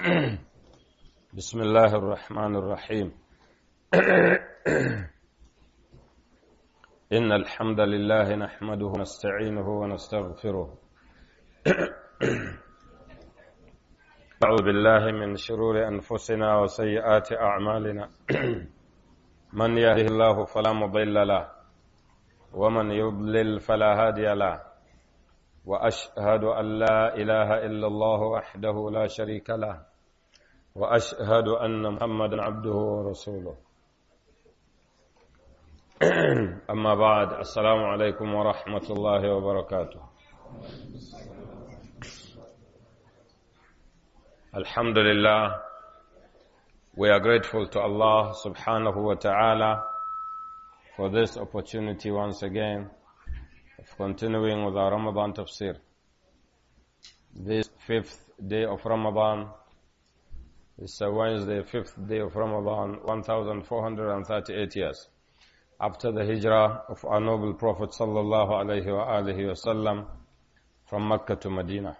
بسم الله الرحمن الرحيم إن الحمد لله نحمده ونستعينه ونستغفره أعوذ بالله من شرور أنفسنا وسيئات أعمالنا من يهده الله فلا مضل له ومن يضلل فلا هادي له واشهد ان لا اله الا الله وحده لا شريك له واشهد ان محمدا عبده ورسوله اما بعد السلام عليكم ورحمه الله وبركاته الحمد لله we are grateful to allah subhanahu wa ta'ala for this opportunity once again of continuing with our ramadan tafsir this fifth day of ramadan It's a Wednesday, fifth day of Ramadan, 1438 years. After the hijrah of our noble Prophet sallallahu wa sallam from Mecca to Medina.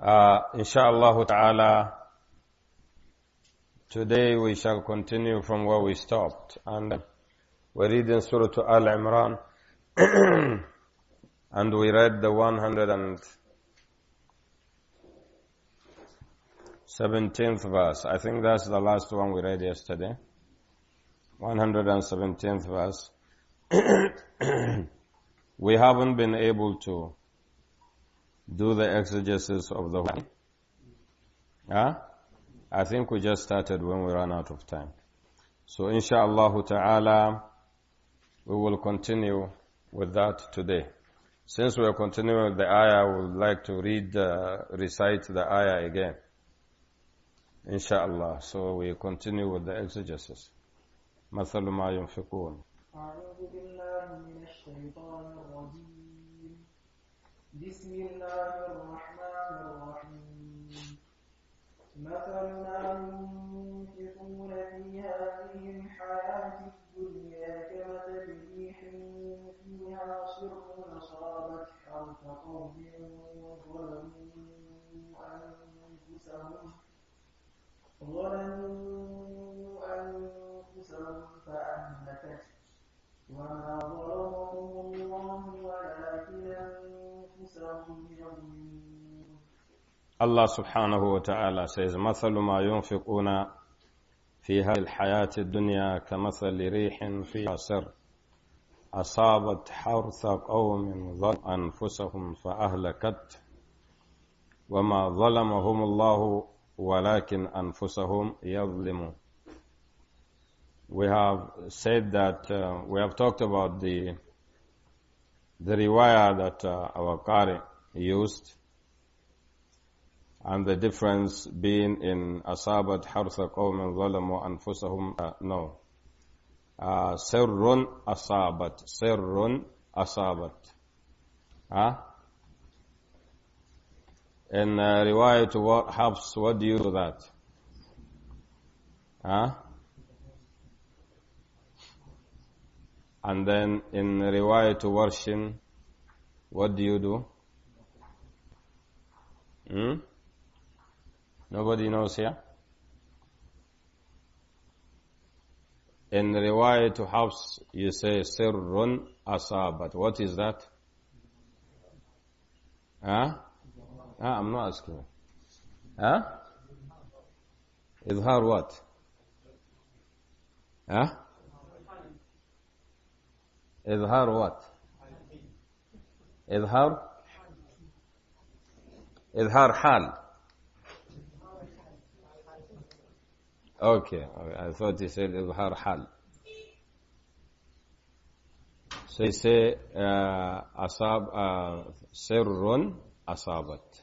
Uh, inshallah ta'ala, today we shall continue from where we stopped and we read reading Surah Al-Imran and we read the 100 and 117th verse. I think that's the last one we read yesterday. 117th verse. we haven't been able to do the exegesis of the Quran. Huh? I think we just started when we ran out of time. So insha'Allah ta'ala, we will continue with that today. Since we are continuing with the ayah, I would like to read, uh, recite the ayah again. Insha'Allah. So we continue with the exegesis. مثل ما ينفقون أعوذ بالله من الشيطان الرجيم بسم الله الرحمن الرحيم مثل ما ينفقون في هذه الحياة الدنيا كمثل ريح فيها صر أصابت حرث قوم ظلموا أنفسهم ظلموا أنفسهم وما الله ولكن أنفسهم الله سبحانه وتعالى says مثل ما ينفقون في هذه الحياة الدنيا كمثل ريح في سر أصابت حرث قوم ظلم أنفسهم فأهلكت وما ظلمهم الله walakin anfusahum yadhlimu we have said that uh, we have talked about the the riwayah that uh, our qari used and the difference being in asabat harsa qawman zalamu anfusahum uh, no uh, sirrun asabat sirrun asabat ah huh? in uh, to what, Habs, what do you do that? Huh? And then in riwayah to washing, what do you do? Hmm? Nobody knows here? In riwayah to house, you say sirrun asabat. What is that? Huh? ها اه ممنوع اسكنه اه اظهار وات اه اظهار وات اظهار اظهار حال اوكي اي ثوت he said إظهار حال. So he uh, أصاب uh, سر أصابت.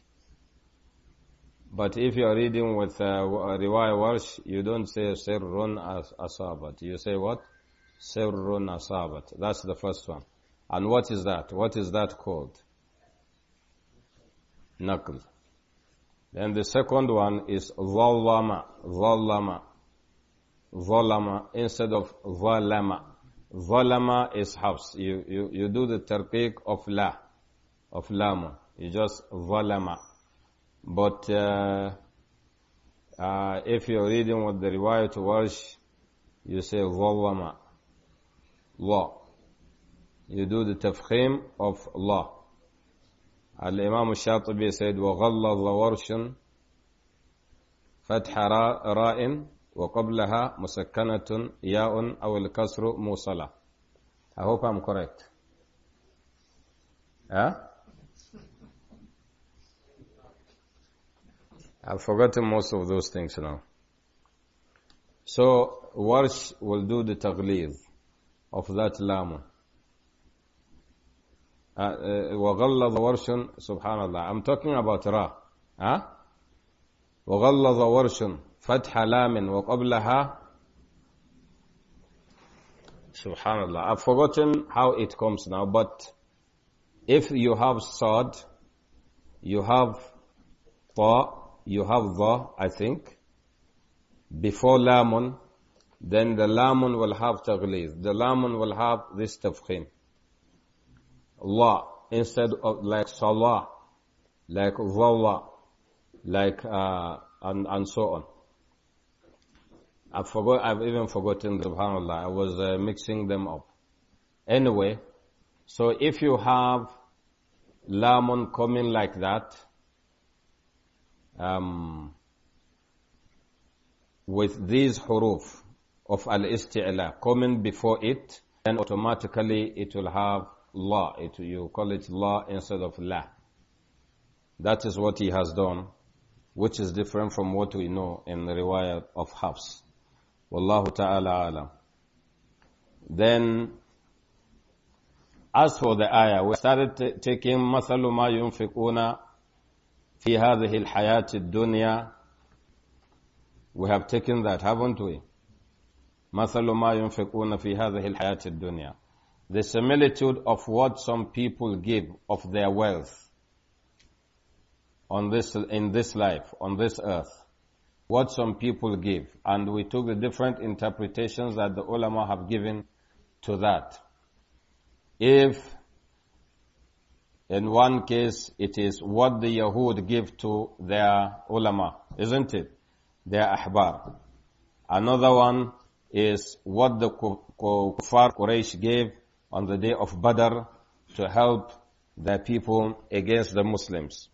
But if you are reading with uh, Riwaya Walsh, you don't say Sirrun Asabat. You say what? Sirrun Asabat. That's the first one. And what is that? What is that called? Nakl. Then the second one is Zallama. Zallama. Zallama instead of Zallama. Zallama is house. You, you, you do the tarqiq of La. Of Lama. You just Zallama. But uh, uh, if you're reading with the riwayat was, you say ظلم law. You do the tafkhim of law. الإمام الشاطبي said وغلظ ورش فتح راء, راء وقبلها مسكنة ياء أو الكسر موصلة I hope I'm correct. Huh? I've forgotten most of those things now. So, Warsh will do the tagleed of that llama. Uh, uh, وغلظ ورش سبحان الله I'm talking about ra huh? وغلظ ورش فتح لام وقبلها Subhanallah. I've forgotten how it comes now, but if you have sad, you have ta, you have the, I think, before lamun, then the lamun will have taghliz. The lamun will have this tafkhim. La, instead of like salah, like dhalla, like, uh, and, and so on. I forgot, I've even forgotten, the subhanAllah, I was uh, mixing them up. Anyway, so if you have lamun coming like that, um, with these huruf of al-isti'la coming before it, then automatically it will have la. It, you call it la instead of la. That is what he has done, which is different from what we know in the riwayah of Hafs. Wallahu ta'ala alam. Then, as for the ayah, we started taking مَثَلُ مَا يُنْفِقُونَ في هذه الحياة dunya, we have taken that haven't we مثل ما ينفقون في هذه الحياة الدنيا the similitude of what some people give of their wealth on this in this life on this earth what some people give and we took the different interpretations that the ulama have given to that if in one case, it is what the Yahud give to their ulama, isn't it? Their ahbar. Another one is what the kuffar Quraysh gave on the day of Badr to help their people against the Muslims.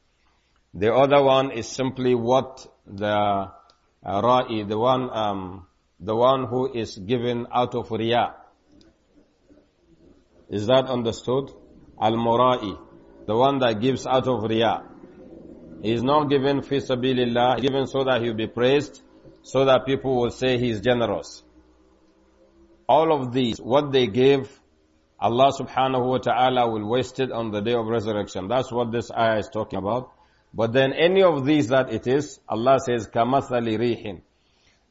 The other one is simply what the uh, Ra'i, the one, um, the one who is given out of Riyah. Is that understood? Al-Mura'i the one that gives out of riyah. He is not given fisabilillah, given so that he'll be praised, so that people will say he is generous. All of these, what they give, Allah subhanahu wa ta'ala will waste it on the day of resurrection. That's what this ayah is talking about. But then any of these that it is, Allah says, kamathali rihin.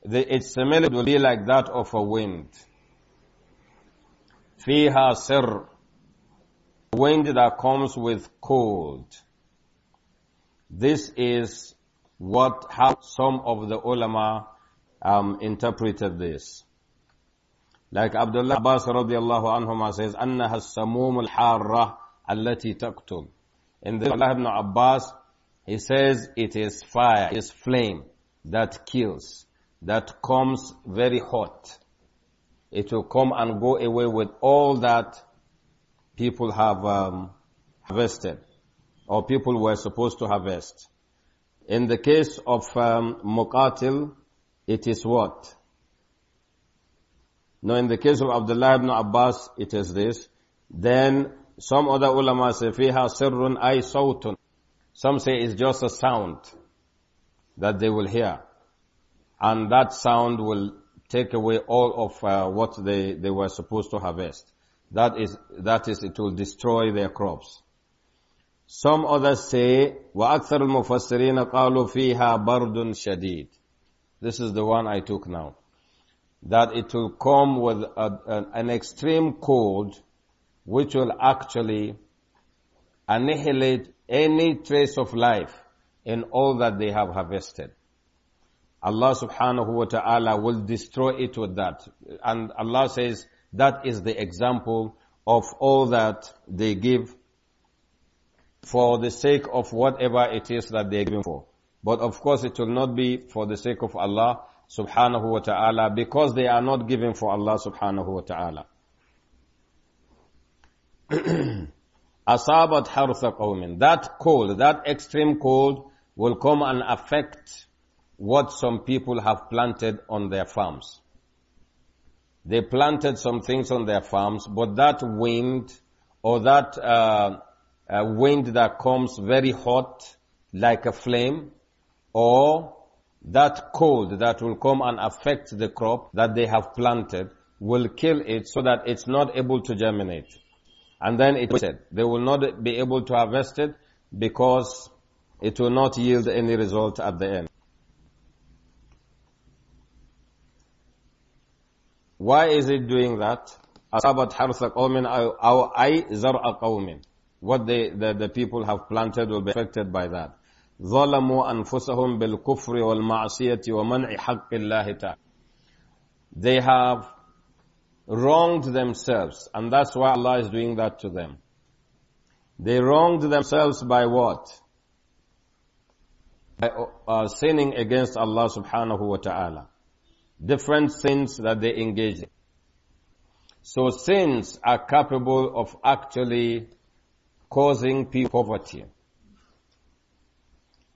The, its similar will be like that of a wind. فيها سر wind that comes with cold. This is what, how some of the ulama um, interpreted this. Like Abdullah Abbas radiallahu anhuma says, أنها السموم الحارة التي تقتل. In the Abdullah ibn Abbas, he says it is fire, it is flame that kills, that comes very hot. It will come and go away with all that people have um, harvested or people were supposed to harvest. In the case of um, it is what? Now in the case of Abdullah ibn Abbas, it is this. Then some other ulama say, فِيهَا سِرٌ أَيْ صَوْتٌ Some say it's just a sound that they will hear. And that sound will take away all of uh, what they, they were supposed to harvest. That is, that is, it will destroy their crops. Some others say, وَأَكْثَرُ الْمُفَسِّرِينَ قَالُوا فِيهَا بَرْدٌ شَدِيدٌ This is the one I took now. That it will come with a, an extreme cold which will actually annihilate any trace of life in all that they have harvested. Allah subhanahu wa ta'ala will destroy it with that. And Allah says, that is the example of all that they give for the sake of whatever it is that they are giving for. But of course it will not be for the sake of Allah subhanahu wa ta'ala because they are not giving for Allah subhanahu wa ta'ala. Asabat hartha qawmin. That cold, that extreme cold will come and affect what some people have planted on their farms. They planted some things on their farms, but that wind or that uh, uh, wind that comes very hot like a flame or that cold that will come and affect the crop that they have planted will kill it so that it's not able to germinate. And then it said they will not be able to harvest it because it will not yield any result at the end. Why is it doing that? What they, the, the people have planted will be affected by that. ظلموا أنفسهم بالكفر والمعصية ومنع حق الله They have wronged themselves and that's why Allah is doing that to them. They wronged themselves by what? By uh, sinning against Allah subhanahu wa ta'ala different sins that they engage in. So sins are capable of actually causing people poverty.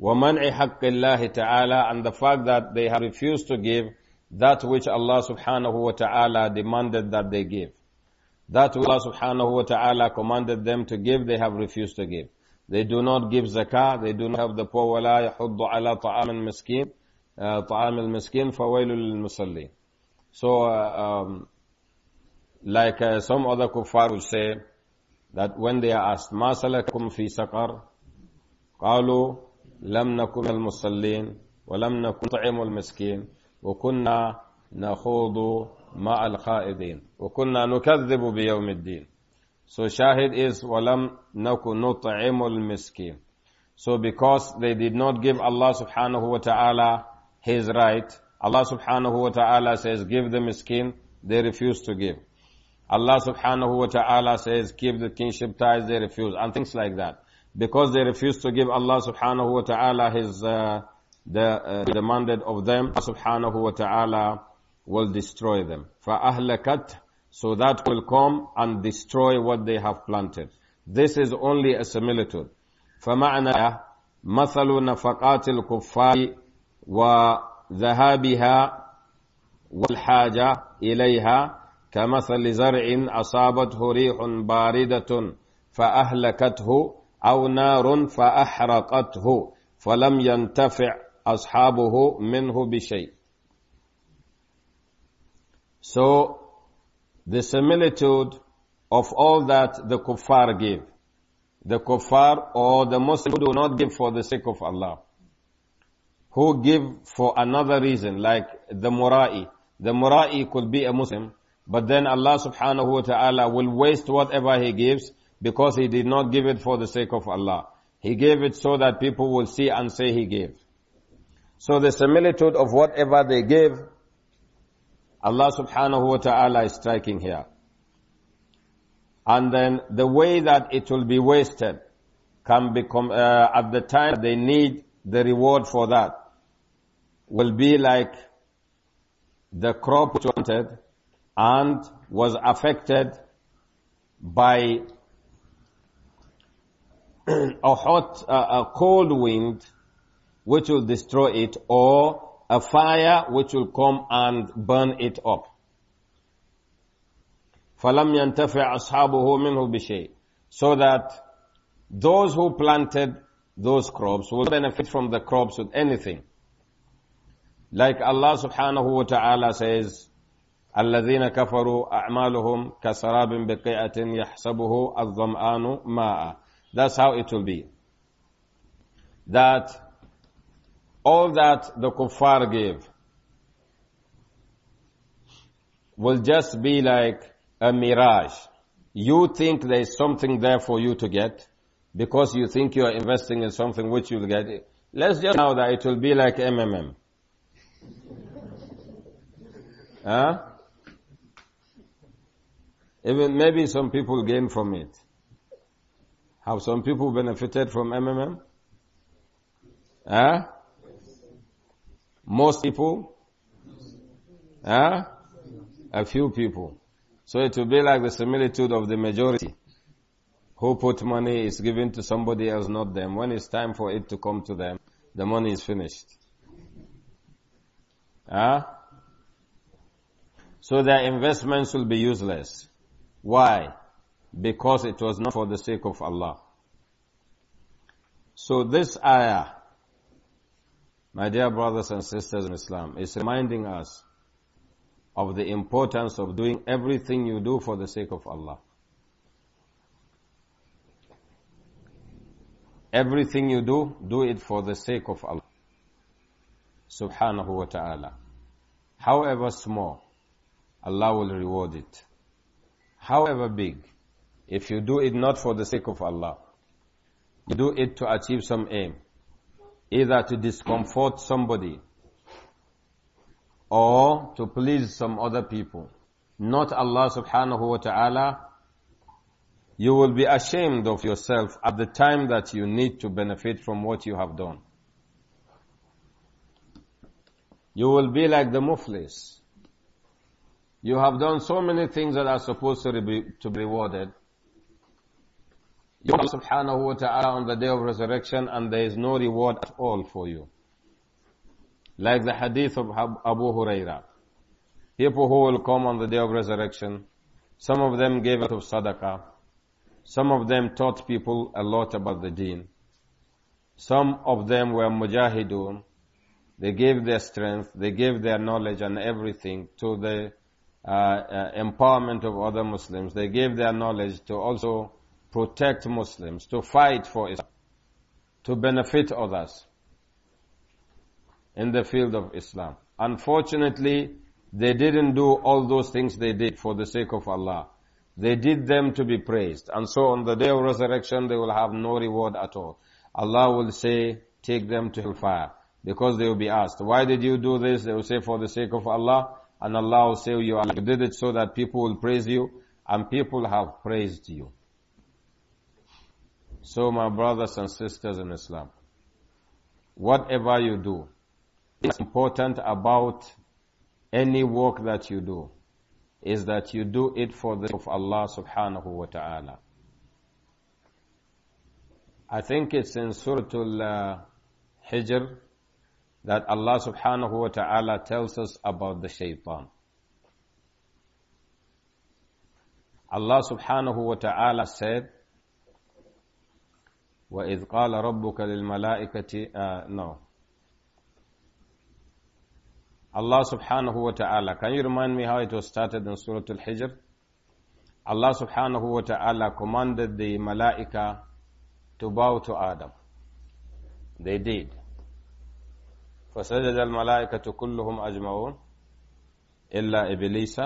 وَمَنْعِ حَقِّ اللَّهِ تَعَالَى And the fact that they have refused to give that which Allah subhanahu wa ta'ala demanded that they give. That which Allah subhanahu wa ta'ala commanded them to give, they have refused to give. They do not give zakah, they do not have the power, وَلَا يَحُضُّ عَلَى طَعَامٍ مِسْكِينٍ آه، طعام المسكين فويل للمصلين so uh, um, like uh, some other kuffar will say that when they are asked ما سلككم في سقر قالوا لم نكن المصلين ولم نكن نطعم المسكين وكنا نخوض مع الخائضين وكنا نكذب بيوم الدين so shahid is ولم نكن نطعم المسكين so because they did not give Allah subhanahu wa ta'ala his right. Allah subhanahu wa ta'ala says, give the miskin. They refuse to give. Allah subhanahu wa ta'ala says, keep the kinship ties. They refuse. And things like that. Because they refuse to give Allah subhanahu wa ta'ala his, uh, the, uh, demanded of them, Allah subhanahu wa ta'ala will destroy them. فَأَهْلَكَتْ So that will come and destroy what they have planted. This is only a similitude. فَمَعْنَا مَثَلُ نَفَقَاتِ الْكُفَّارِ وذهابها والحاجة إليها كمثل زرع أصابته ريح باردة فأهلكته أو نار فأحرقته فلم ينتفع أصحابه منه بشيء. So the similitude of all that the kuffar give. The kuffar or the Muslim do not give for the sake of Allah. who give for another reason, like the Mura'i. The Mura'i could be a Muslim, but then Allah subhanahu wa ta'ala will waste whatever he gives because he did not give it for the sake of Allah. He gave it so that people will see and say he gave. So the similitude of whatever they gave, Allah subhanahu wa ta'ala is striking here. And then the way that it will be wasted can become, uh, at the time they need the reward for that will be like the crop which wanted and was affected by a hot, uh, a cold wind which will destroy it or a fire which will come and burn it up. فَلَمْ يَنْتَفِعْ أَصْحَابُهُ مِنْهُ بِشَيْءٍ So that those who planted those crops will benefit from the crops with anything. Like Allah subhanahu wa ta'ala says, الذين كفروا أعمالهم كسراب بقيعة يحسبه الظمآن ماء. That's how it will be. That all that the kuffar gave will just be like a mirage. You think there is something there for you to get because you think you are investing in something which you'll get. Let's just know that it will be like MMM. Huh? Even maybe some people gain from it. Have some people benefited from MMM? Huh? Most people? Huh? A few people. So it will be like the similitude of the majority. Who put money is given to somebody else, not them. When it's time for it to come to them, the money is finished. Huh? So their investments will be useless. Why? Because it was not for the sake of Allah. So this ayah, my dear brothers and sisters in Islam, is reminding us of the importance of doing everything you do for the sake of Allah. Everything you do, do it for the sake of Allah. Subhanahu wa ta'ala. However small, Allah will reward it. However big, if you do it not for the sake of Allah, you do it to achieve some aim, either to discomfort somebody or to please some other people, not Allah subhanahu wa ta'ala, you will be ashamed of yourself at the time that you need to benefit from what you have done. You will be like the muflis you have done so many things that are supposed to be, to be rewarded. You are subhanahu wa ta'ala on the day of resurrection and there is no reward at all for you. Like the hadith of Abu Huraira. People who will come on the day of resurrection, some of them gave out of sadaqah. Some of them taught people a lot about the deen. Some of them were mujahidun. They gave their strength, they gave their knowledge and everything to the uh, uh, empowerment of other Muslims. They gave their knowledge to also protect Muslims, to fight for Islam, to benefit others in the field of Islam. Unfortunately, they didn't do all those things they did for the sake of Allah. They did them to be praised. And so on the day of resurrection, they will have no reward at all. Allah will say, take them to hellfire. Because they will be asked, why did you do this? They will say, for the sake of Allah and Allah will say you did it so that people will praise you and people have praised you. So my brothers and sisters in Islam, whatever you do, it's important about any work that you do is that you do it for the of Allah subhanahu wa ta'ala. I think it's in Surah Al-Hijr, that Allah subhanahu wa ta'ala tells us about the shaitan. Allah subhanahu wa ta'ala said, وَإِذْ قَالَ رَبُّكَ لِلْمَلَائِكَةِ uh, No. Allah subhanahu wa ta'ala. Can you remind me how it was started in Surah Al-Hijr? Allah subhanahu wa ta'ala commanded the malaika to bow to Adam. They did. فسجد الملائكة كلهم أجمعون إلا إبليس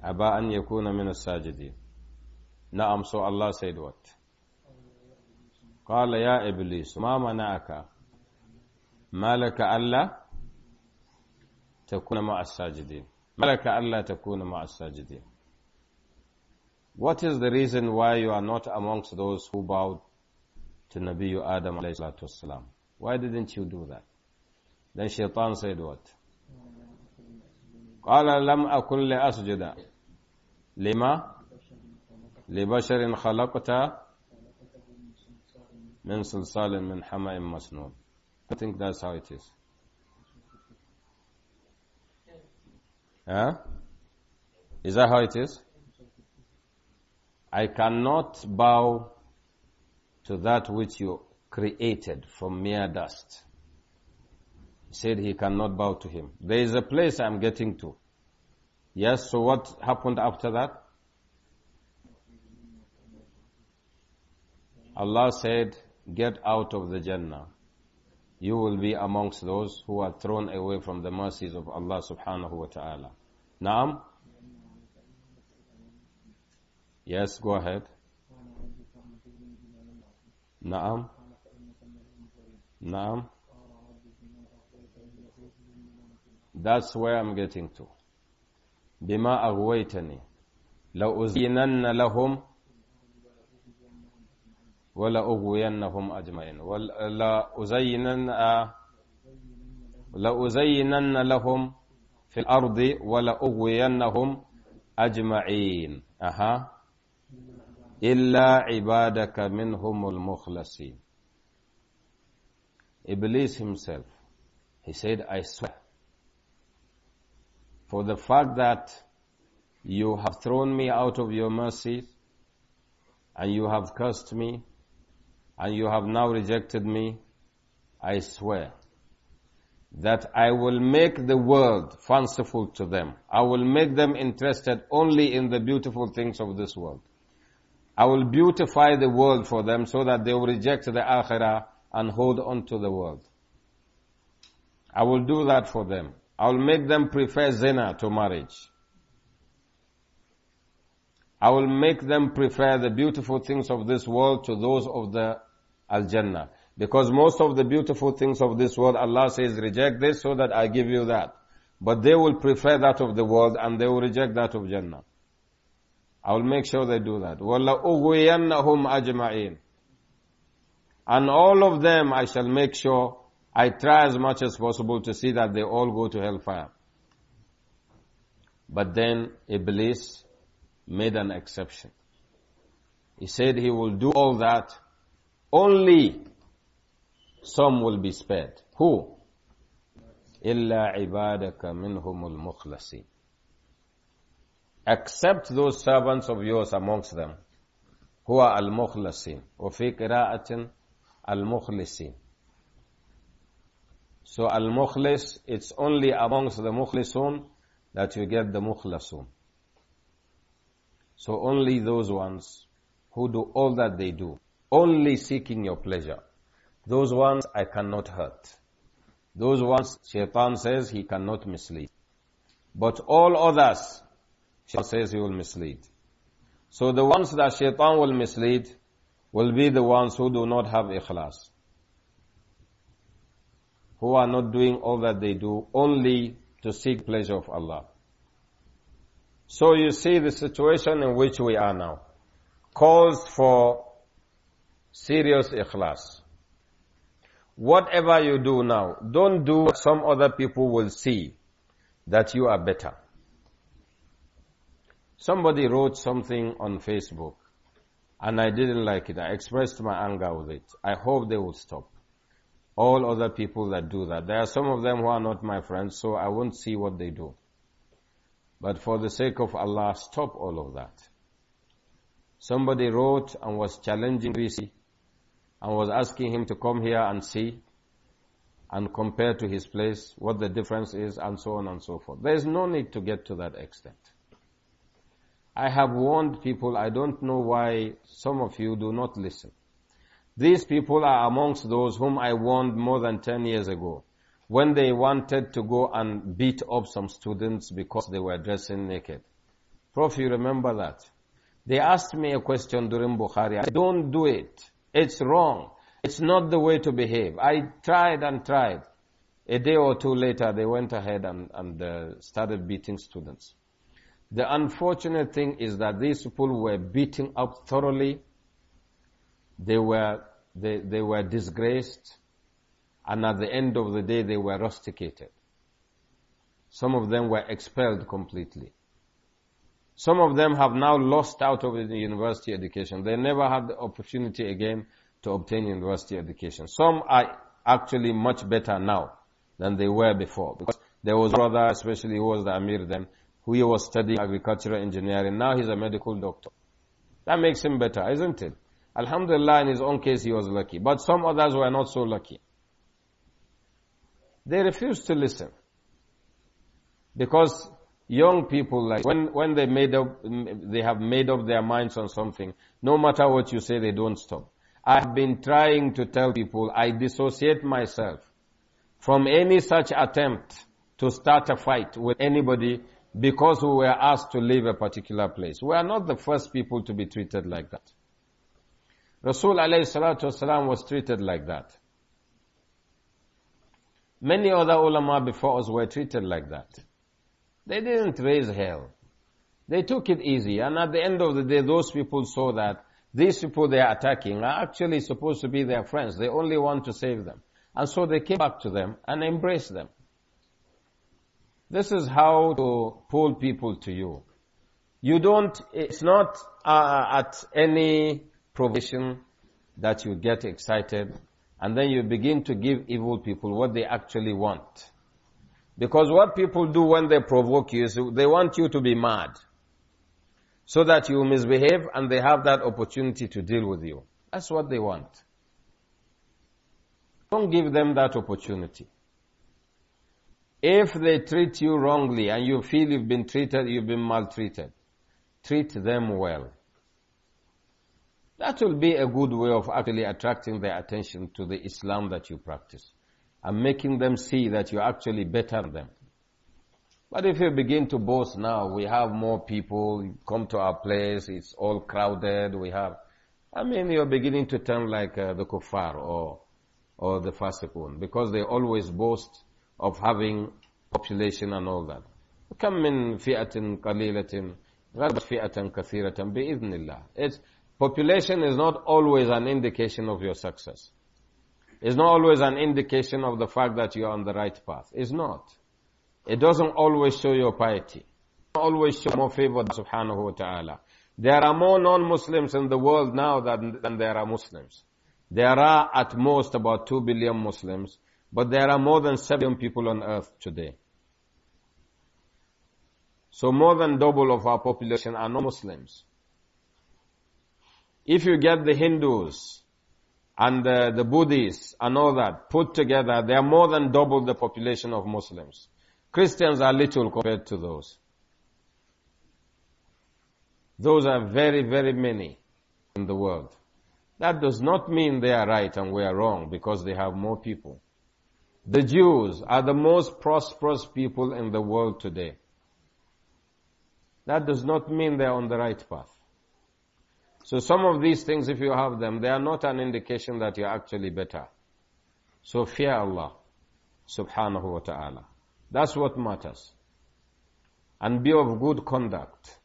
أبا أن يكون من الساجدين نعم سوء الله سيد وات قال يا إبليس ما منعك ما لك ألا تكون مع الساجدين ما لك ألا تكون مع الساجدين What is the reason why you are not amongst those who bowed to Nabi Adam alayhi salatu wasalam? Why didn't you do that? Then shaitan said what? قال لم أكن لأسجد لما لبشر خلقت من صلصال من حماء مسنون I think that's how it is. Huh? Is that how it is? I cannot bow to that which you created from mere dust. He said he cannot bow to him. There is a place I'm getting to. Yes, so what happened after that? Allah said, get out of the Jannah. You will be amongst those who are thrown away from the mercies of Allah subhanahu wa ta'ala. Naam? Yes, go ahead. Naam? نعم That's where I'm getting to. بما أغويتني لو أزينن لهم ولا أغوينهم أجمعين ولا أزينن لا أزينن لهم في الأرض ولا أغوينهم أجمعين أها إلا عبادك منهم المخلصين Iblis himself, he said, I swear, for the fact that you have thrown me out of your mercies, and you have cursed me, and you have now rejected me, I swear that I will make the world fanciful to them. I will make them interested only in the beautiful things of this world. I will beautify the world for them so that they will reject the akhirah and hold on to the world. I will do that for them. I will make them prefer zina to marriage. I will make them prefer the beautiful things of this world to those of the Al-Jannah. Because most of the beautiful things of this world, Allah says, reject this so that I give you that. But they will prefer that of the world and they will reject that of Jannah. I will make sure they do that. وَلَأُغْوِيَنَّهُمْ أَجْمَعِينَ and all of them I shall make sure I try as much as possible to see that they all go to hellfire. But then Iblis made an exception. He said he will do all that, only some will be spared. Who? إِلَّا عِبَادَكَ مِنْهُمُ الْمُخْلَصِينَ Except those servants of yours amongst them who are al-mukhlasin. وَفِي قِرَاءَةٍ Al-Mukhlisin. So Al-Mukhlis, it's only amongst the Mukhlisun that you get the Mukhlasun. So only those ones who do all that they do, only seeking your pleasure. Those ones I cannot hurt. Those ones Shaitan says he cannot mislead. But all others, Shaitan says he will mislead. So the ones that Shaitan will mislead, will be the ones who do not have ikhlas, who are not doing all that they do only to seek pleasure of Allah. So you see the situation in which we are now calls for serious ikhlas. Whatever you do now, don't do what some other people will see that you are better. Somebody wrote something on Facebook and I didn't like it. I expressed my anger with it. I hope they will stop. All other people that do that. There are some of them who are not my friends, so I won't see what they do. But for the sake of Allah, stop all of that. Somebody wrote and was challenging BC and was asking him to come here and see and compare to his place what the difference is and so on and so forth. There is no need to get to that extent. I have warned people, I don't know why some of you do not listen. These people are amongst those whom I warned more than 10 years ago when they wanted to go and beat up some students because they were dressing naked. Prof, you remember that? They asked me a question during Bukhari. I said, don't do it. It's wrong. It's not the way to behave. I tried and tried. A day or two later, they went ahead and, and uh, started beating students. The unfortunate thing is that these people were beaten up thoroughly. They were, they, they were disgraced. And at the end of the day, they were rusticated. Some of them were expelled completely. Some of them have now lost out of the university education. They never had the opportunity again to obtain university education. Some are actually much better now than they were before because there was brother, especially who was the Amir then, who he was studying agricultural engineering. Now he's a medical doctor. That makes him better, isn't it? Alhamdulillah, in his own case, he was lucky. But some others were not so lucky. They refused to listen. Because young people, like, when, when they made up, they have made up their minds on something, no matter what you say, they don't stop. I've been trying to tell people, I dissociate myself from any such attempt to start a fight with anybody because we were asked to leave a particular place. We are not the first people to be treated like that. Rasul والسلام, was treated like that. Many other ulama before us were treated like that. They didn't raise hell. They took it easy. And at the end of the day, those people saw that these people they are attacking are actually supposed to be their friends. They only want to save them. And so they came back to them and embraced them. This is how to pull people to you. You don't, it's not uh, at any provision that you get excited and then you begin to give evil people what they actually want. Because what people do when they provoke you is they want you to be mad so that you misbehave and they have that opportunity to deal with you. That's what they want. Don't give them that opportunity. If they treat you wrongly and you feel you've been treated, you've been maltreated, treat them well. That will be a good way of actually attracting their attention to the Islam that you practice and making them see that you're actually better than them. But if you begin to boast now, we have more people come to our place, it's all crowded, we have, I mean, you're beginning to turn like uh, the kuffar or, or the fasiqun because they always boast of having population and all that. كم من فئة قليلة غلبت فئة كثيرة بإذن الله. It's, population is not always an indication of your success. It's not always an indication of the fact that you're on the right path. It's not. It doesn't always show your piety. It doesn't always show more favor subhanahu wa ta'ala. There are more non-Muslims in the world now than, than there are Muslims. There are at most about 2 billion Muslims but there are more than 7 people on earth today. So more than double of our population are non-Muslims. If you get the Hindus and the, the Buddhists and all that put together, they are more than double the population of Muslims. Christians are little compared to those. Those are very, very many in the world. That does not mean they are right and we are wrong because they have more people. The Jews are the most prosperous people in the world today. That does not mean they're on the right path. So some of these things, if you have them, they are not an indication that you're actually better. So fear Allah subhanahu wa ta'ala. That's what matters. And be of good conduct.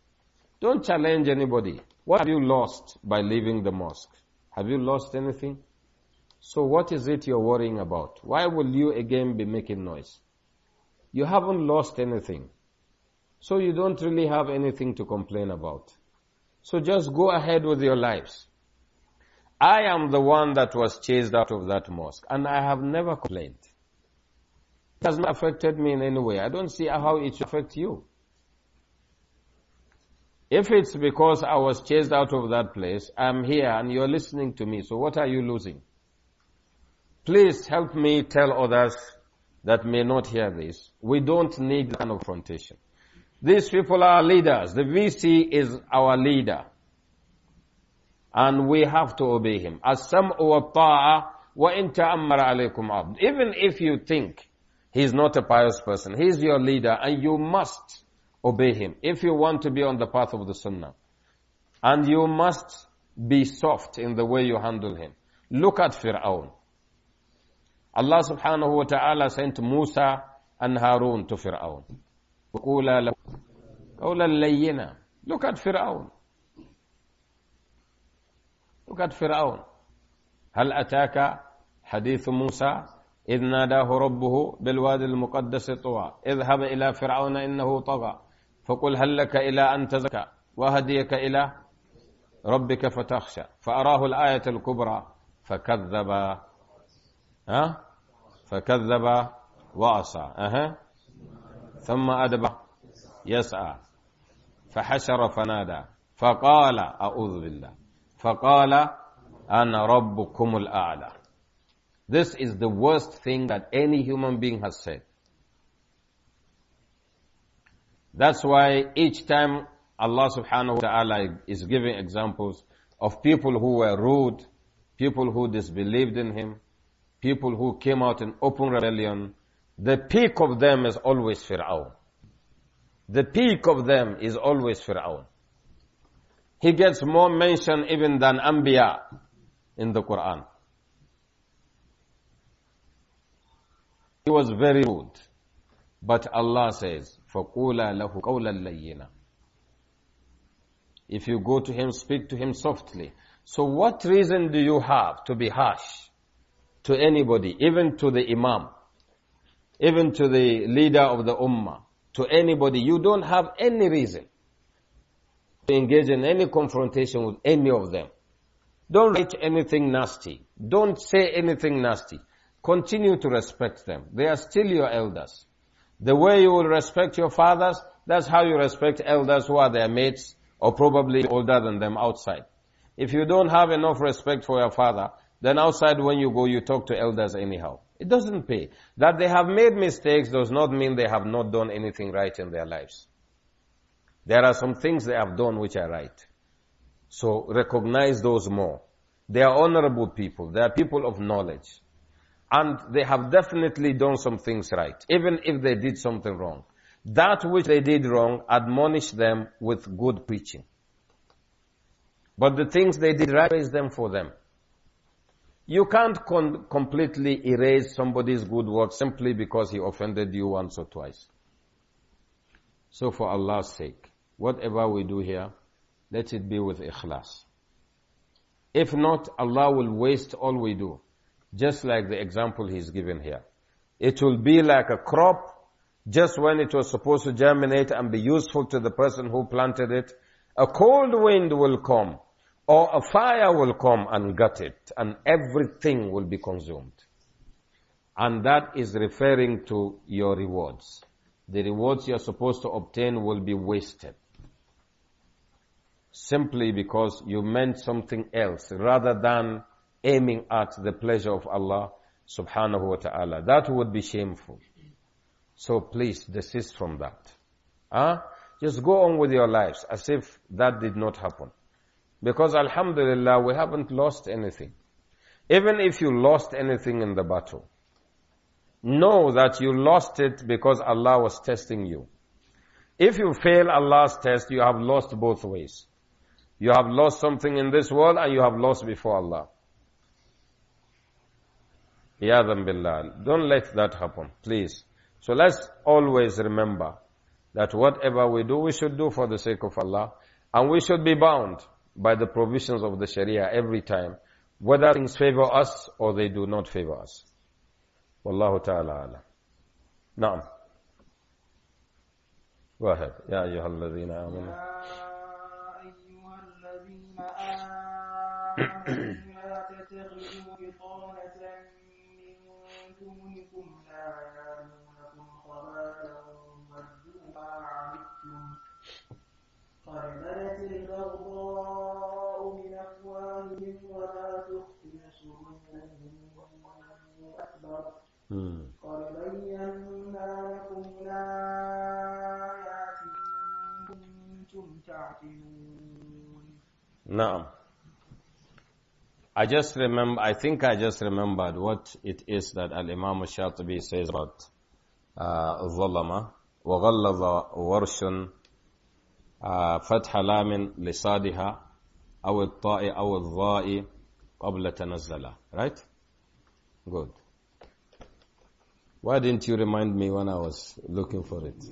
Don't challenge anybody. What have you lost by leaving the mosque? Have you lost anything? So what is it you're worrying about? Why will you again be making noise? You haven't lost anything. So you don't really have anything to complain about. So just go ahead with your lives. I am the one that was chased out of that mosque and I have never complained. It has not affected me in any way. I don't see how it should affect you. If it's because I was chased out of that place, I'm here and you're listening to me, so what are you losing? Please help me tell others that may not hear this. We don't need confrontation. These people are leaders. The VC is our leader. And we have to obey him. As-sam'u wa ta'a wa in ta'ammara alaykum abd. Even if you think he's not a pious person, he's your leader and you must obey him if you want to be on the path of the sunnah. And you must be soft in the way you handle him. Look at Fir'aun. Allah subhanahu wa ta'ala sent Musa and فرعون قولا له Look at Fir'aun. Look at فرعون هل أتاك حديث موسى إذ ناداه ربه بالوادي المقدس طوى اذهب إلى فرعون إنه طغى فقل هل لك إلى أن تزكى وهديك إلى ربك فتخشى فأراه الآية الكبرى فكذب ها فكذب وعصى أه. ثم أدب يسعى فحشر فنادى فقال أعوذ بالله فقال أنا ربكم الأعلى This is the worst thing that any human being has said. That's why each time Allah subhanahu wa ta'ala is giving examples of people who were rude, people who disbelieved in Him, people who came out in open rebellion, the peak of them is always Fir'aun. The peak of them is always Fir'aun. He gets more mention even than Anbiya in the Quran. He was very rude. But Allah says, لَهُ If you go to him, speak to him softly. So what reason do you have to be harsh? to anybody, even to the imam, even to the leader of the ummah, to anybody. You don't have any reason to engage in any confrontation with any of them. Don't write anything nasty. Don't say anything nasty. Continue to respect them. They are still your elders. The way you will respect your fathers, that's how you respect elders who are their mates or probably older than them outside. If you don't have enough respect for your father, then outside when you go, you talk to elders anyhow. It doesn't pay. That they have made mistakes does not mean they have not done anything right in their lives. There are some things they have done which are right. So recognize those more. They are honorable people. They are people of knowledge. And they have definitely done some things right, even if they did something wrong. That which they did wrong, admonish them with good preaching. But the things they did right, praise them for them. You can't completely erase somebody's good work simply because he offended you once or twice. So for Allah's sake, whatever we do here, let it be with ikhlas. If not, Allah will waste all we do. Just like the example He's given here. It will be like a crop, just when it was supposed to germinate and be useful to the person who planted it, a cold wind will come or a fire will come and gut it, and everything will be consumed. And that is referring to your rewards. The rewards you're supposed to obtain will be wasted. Simply because you meant something else rather than aiming at the pleasure of Allah subhanahu wa ta'ala. That would be shameful. So please desist from that. Huh? Just go on with your lives as if that did not happen. Because Alhamdulillah, we haven't lost anything. Even if you lost anything in the battle, know that you lost it because Allah was testing you. If you fail Allah's test, you have lost both ways. You have lost something in this world and you have lost before Allah. Yadam billah. Don't let that happen, please. So let's always remember that whatever we do, we should do for the sake of Allah and we should be bound by the provisions of the Sharia every time, whether things favor us or they do not favor us. Wallahu ta'ala ala. Na'am. Go ahead. Ya ayyuhal ladhina قال بينا لكم الآيات كنتم تعقلون نعم I just remember, I think I just remembered what it is that Al-Imam al-Shatibi says about uh, الظلمة وغلظ ورش فتح لام لصادها أو الطاء أو الظاء قبل right good Why didn't you remind me when I was looking for it?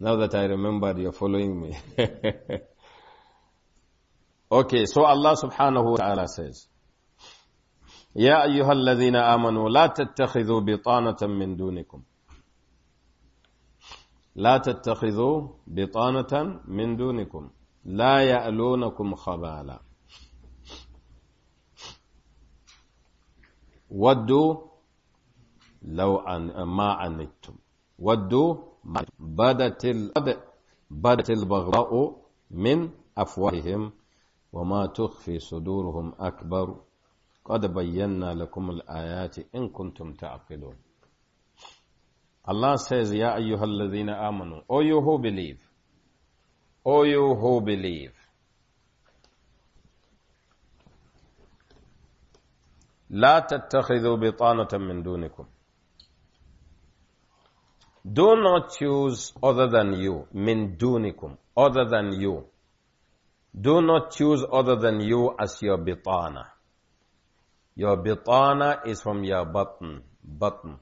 Now that I remembered, you're following me. okay, so Allah subhanahu wa ta'ala says, يا أيها الذين آمنوا لا تتخذوا بطانة من دونكم لا تتخذوا بطانة من دونكم لا يألونكم خبالا ودوا لو أن ما عنتم ودوا بدت بدت البغضاء من أفواههم وما تخفي صدورهم أكبر قد بينا لكم الآيات إن كنتم تعقلون الله says, يا أيها الذين آمنوا أو you who believe, أو you who believe, لا تتخذوا بطانة من دونكم Do not choose other than you. Min dunikum. Other than you. Do not choose other than you as your bitana. Your bitana is from your button. Button.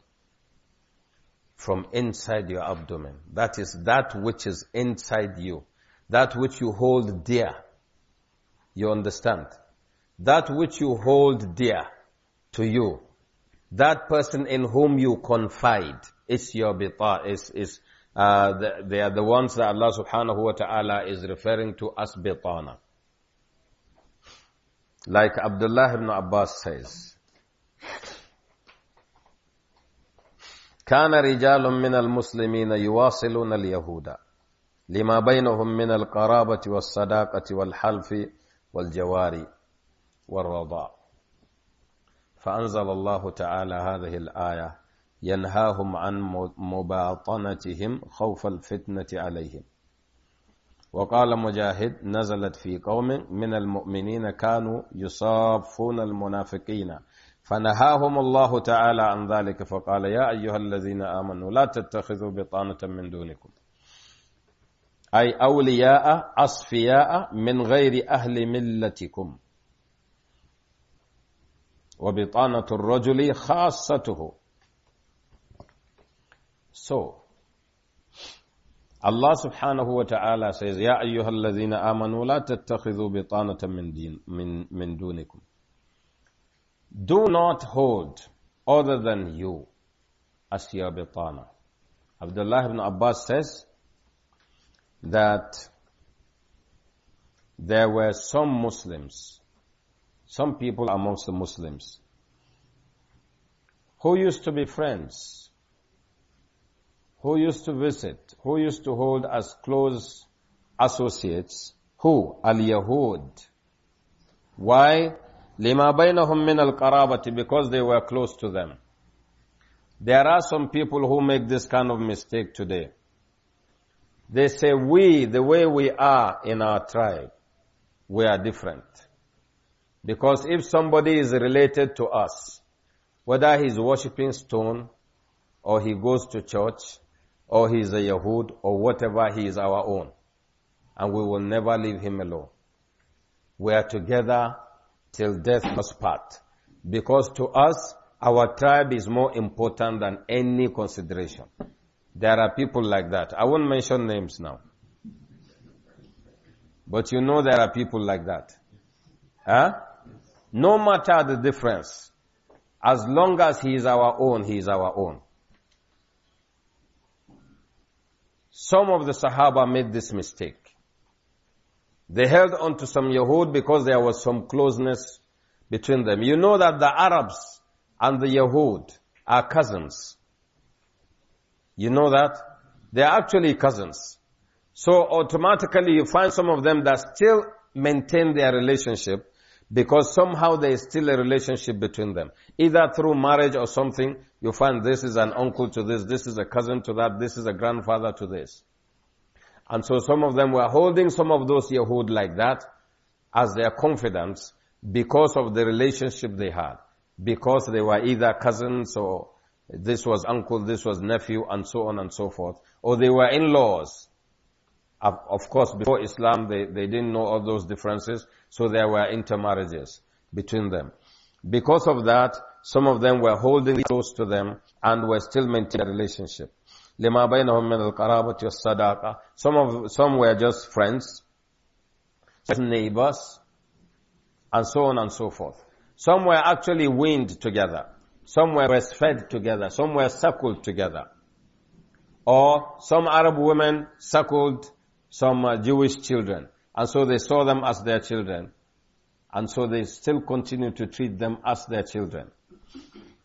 From inside your abdomen. That is that which is inside you. That which you hold dear. You understand? That which you hold dear to you. That person in whom you confide Isya bita is, is, uh, the, they are the ones that Allah subhanahu wa ta'ala is referring to as bitana. Like Abdullah ibn Abbas says, كان رجال من المسلمين يواصلون اليهود لما بينهم من القرابة والصداقة والحلف والجوار والرضاء فأنزل الله تعالى هذه الآية ينهاهم عن مباطنتهم خوف الفتنة عليهم وقال مجاهد نزلت في قوم من المؤمنين كانوا يصافون المنافقين فنهاهم الله تعالى عن ذلك فقال يا أيها الذين آمنوا لا تتخذوا بطانة من دونكم أي أولياء أصفياء من غير أهل ملتكم وبطانة الرجل خاصته So, Allah subhanahu wa ta'ala says, Ya ayyuhalladhina amanu la tattakhidhu bitanatan min, din, min, Do not hold other than you as your bitana. Abdullah ibn Abbas says that there were some Muslims, some people amongst the Muslims, who used to be friends who used to visit, who used to hold as close associates, who? Al-Yahud. Why? لِمَا بَيْنَهُمْ مِنَ الْقَرَابَةِ Because they were close to them. There are some people who make this kind of mistake today. They say we, the way we are in our tribe, we are different. Because if somebody is related to us, whether he's worshipping stone or he goes to church or he is a Yahud, or whatever, he is our own. And we will never leave him alone. We are together till death us part. Because to us, our tribe is more important than any consideration. There are people like that. I won't mention names now. But you know there are people like that. Huh? No matter the difference, as long as he is our own, he is our own. Some of the Sahaba made this mistake. They held on to some Yahud because there was some closeness between them. You know that the Arabs and the Yahud are cousins. You know that? They are actually cousins. So automatically you find some of them that still maintain their relationship because somehow there is still a relationship between them. Either through marriage or something, you find this is an uncle to this, this is a cousin to that, this is a grandfather to this. And so some of them were holding some of those yehud like that as their confidants because of the relationship they had. Because they were either cousins or this was uncle, this was nephew, and so on and so forth. Or they were in-laws. Of course, before Islam, they, they didn't know all those differences, so there were intermarriages between them. Because of that, some of them were holding close to them and were still maintaining a relationship. Some of, some were just friends, neighbors, and so on and so forth. Some were actually weaned together. Some were breastfed together. Some were suckled together. Or some Arab women suckled some uh, Jewish children. And so they saw them as their children. And so they still continue to treat them as their children.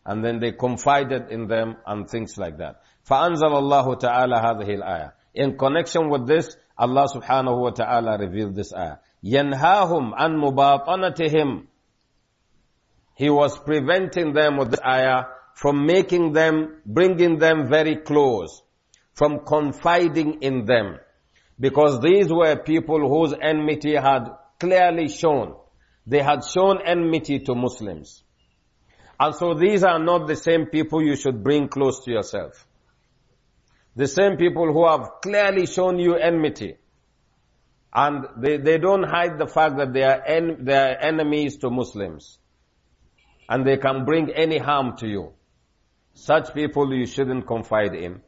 And then they confided in them and things like that. فَأَنزَلَ اللَّهُ تَعَالَى هَذِهِ الْآيَةِ In connection with this, Allah subhanahu wa ta'ala revealed this ayah. يَنْهَاهُمْ عَنْ مُبَاطَنَتِهِمْ He was preventing them with this ayah from making them, bringing them very close, from confiding in them. Because these were people whose enmity had clearly shown. They had shown enmity to Muslims. And so these are not the same people you should bring close to yourself. The same people who have clearly shown you enmity. And they, they don't hide the fact that they are, en, they are enemies to Muslims. And they can bring any harm to you. Such people you shouldn't confide in.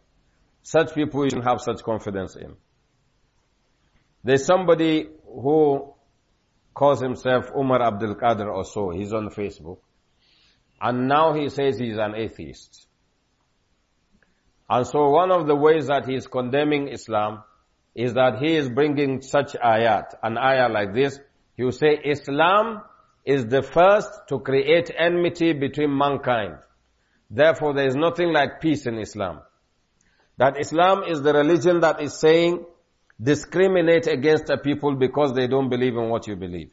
Such people you shouldn't have such confidence in. There's somebody who calls himself Umar Abdul Qadir or so. He's on Facebook. And now he says he's an atheist. And so one of the ways that he's condemning Islam is that he is bringing such ayat, an ayah like this. He will say Islam is the first to create enmity between mankind. Therefore there is nothing like peace in Islam. That Islam is the religion that is saying discriminate against a people because they don't believe in what you believe.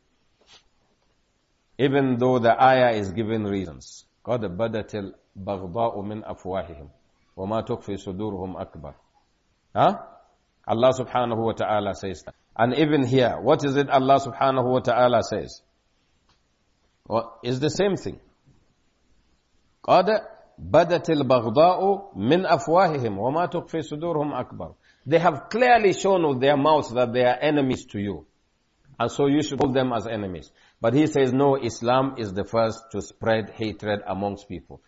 Even though the ayah is giving reasons. قَدْ بَدَتِ الْبَغْضَاءُ مِنْ أَفْوَاهِهِمْ وَمَا تُخْفِي صُدُورُهُمْ أَكْبَرُ Huh? Allah subhanahu wa ta'ala says that. And even here, what is it Allah subhanahu wa ta'ala says? Well, it's the same thing. قَدْ بَدَتِ الْبَغْضَاءُ مِنْ أَفْوَاهِهِمْ وَمَا تُخْفِي صُدُورُهُمْ أَكْبَرُ they have clearly shown with their mouths that they are enemies to you. And so you should hold them as enemies. But he says, no, Islam is the first to spread hatred amongst people.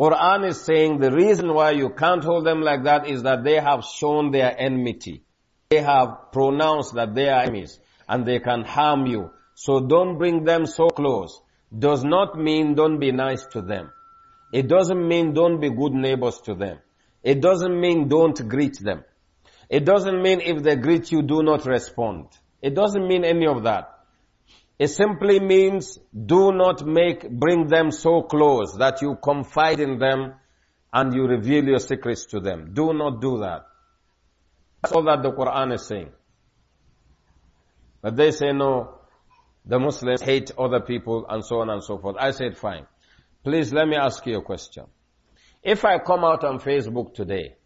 Quran is saying the reason why you can't hold them like that is that they have shown their enmity. They have pronounced that they are enemies and they can harm you. So don't bring them so close. Does not mean don't be nice to them. It doesn't mean don't be good neighbors to them. It doesn't mean don't greet them. It doesn't mean if they greet you, do not respond. It doesn't mean any of that. It simply means do not make, bring them so close that you confide in them and you reveal your secrets to them. Do not do that. That's all that the Quran is saying. But they say no, the Muslims hate other people and so on and so forth. I said fine. Please let me ask you a question. If I come out on Facebook today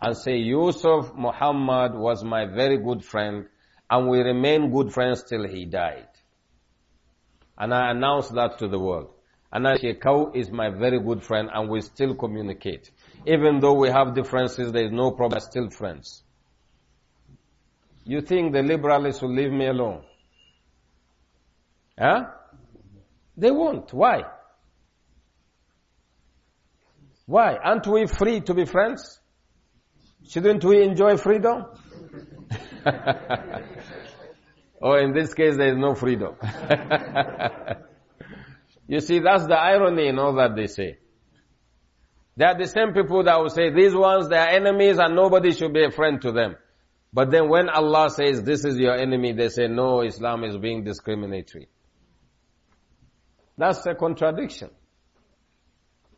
and say, Yusuf Muhammad was my very good friend and we remained good friends till he died. And I announce that to the world. And I say, Kau is my very good friend and we still communicate. Even though we have differences, there is no problem, still friends. You think the liberalists will leave me alone? Huh? They won't. Why? Why? Aren't we free to be friends? Shouldn't we enjoy freedom? oh, in this case, there is no freedom. you see, that's the irony in all that they say. They are the same people that will say, these ones, they are enemies and nobody should be a friend to them. But then when Allah says, this is your enemy, they say, no, Islam is being discriminatory. That's a contradiction.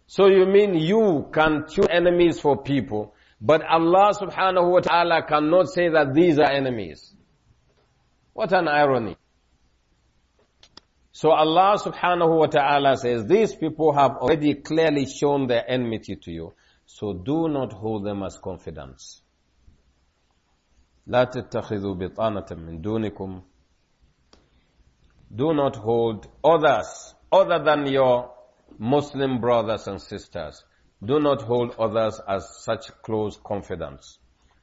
So you mean you can choose enemies for people but Allah subhanahu wa ta'ala cannot say that these are enemies. What an irony. So Allah subhanahu wa ta'ala says, these people have already clearly shown their enmity to you. So do not hold them as confidants. لا تتخذوا بطانة من دونكم Do not hold others other than your Muslim brothers and sisters do not hold others as such close confidants.